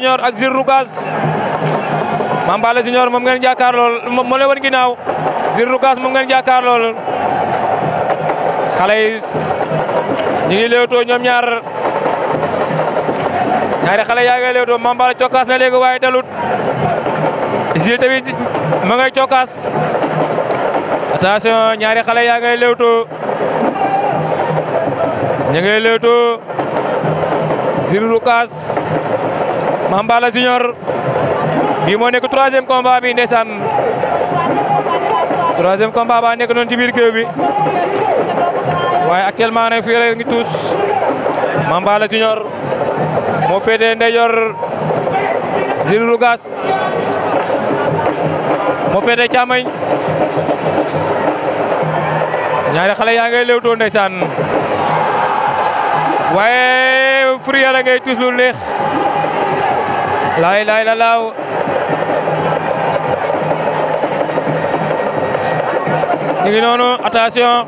junior ak Zir Rougas Mame Balla junior moom ngeen jàkkaar lool moo leen wan ginnaaw Zir Rougas moom ngeen jàkkaar lool xale yi ñu ngi ñoom ñaar ñaari xale yaa ngay léewtoo Mame Balla cokkaas na léegi waaye dalut Zir tamit ma ngay cokkaas attention ñaari xale yaa ngay léewtoo ñu ngay léewtoo Zir Rougas Mame Balla Junior moo nekk troisième combat bi ndeysaan troisième combat nekk noonu ci biir géew bi waaye actuellement nag fii rek ngi tuus Mame Balla moo féetee ndeyjoor Jules Rougas moo féetee càmmoñ ñaari xale yaa ngay léewtoo ndeysaan waaye furi yàlla ngay lu neex laa ilaaha illallaah ñu ngi noonu attention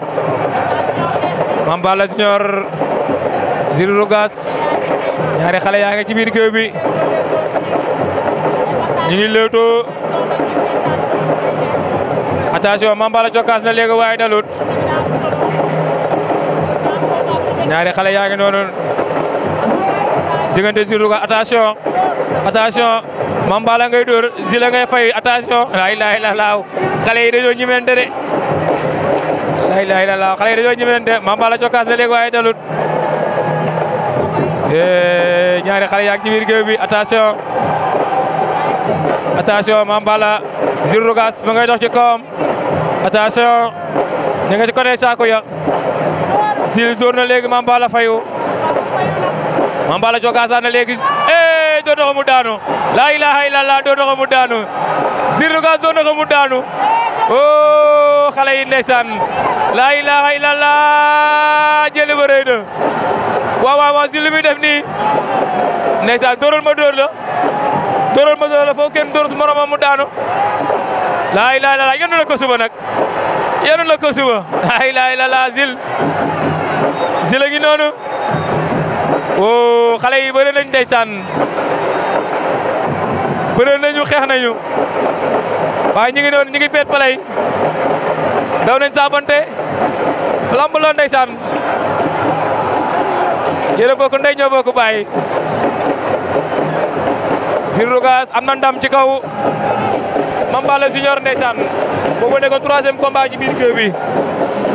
Mame Balla Junior Gris ñaari xale yaa ngi ci biir géew bi ñu ngi lewtoo attention Mame Balla jokkaas na ñaari xale yaa noonu diggante Zil Louga attention attention Mame Balla ngay dóor Zil ngay fay attention laa ilaaha illallaah xale yi dañoo ñimante de laa ilaaha illallaah xale yi dañoo ñimante Mame eh, ñaari xale yaa ngi ci bi attention attention Mame Balla Zil Louga ngay dox ci kawam attention ñu nga ci côté saako ya Zil dóor na léegi Mame fayu Mame Balla jokasa na léegi eh doo mu daanu laa ilaaha illallah doo mu daanu Zirnougas doo na ko mu daanu oh xale yi ndeysaan laa ilaaha illallah jëli ba rëy na waaw waaw waaw def nii ndeysaan dóoral ma dóor la dóoral ma dóor la foo kenn dóorat moromam mu daanu laa ilaaha illallah yenu na ko suba yenu na ko suba laa ilaaha Zil Zil a noonu. oh xale yi bëri nañ ndeysaan bëri nañu xeex nañu waaye ñu ngi doon ñu ngi feet palay daw nañ saabante lamb la ndeysaan yéen a bokk ndey ñoo bokk bàyyi Zirou am na ndam ci kaw Mame Balla Junior ndeysaan boobu ne ko troisième combat biir kër bi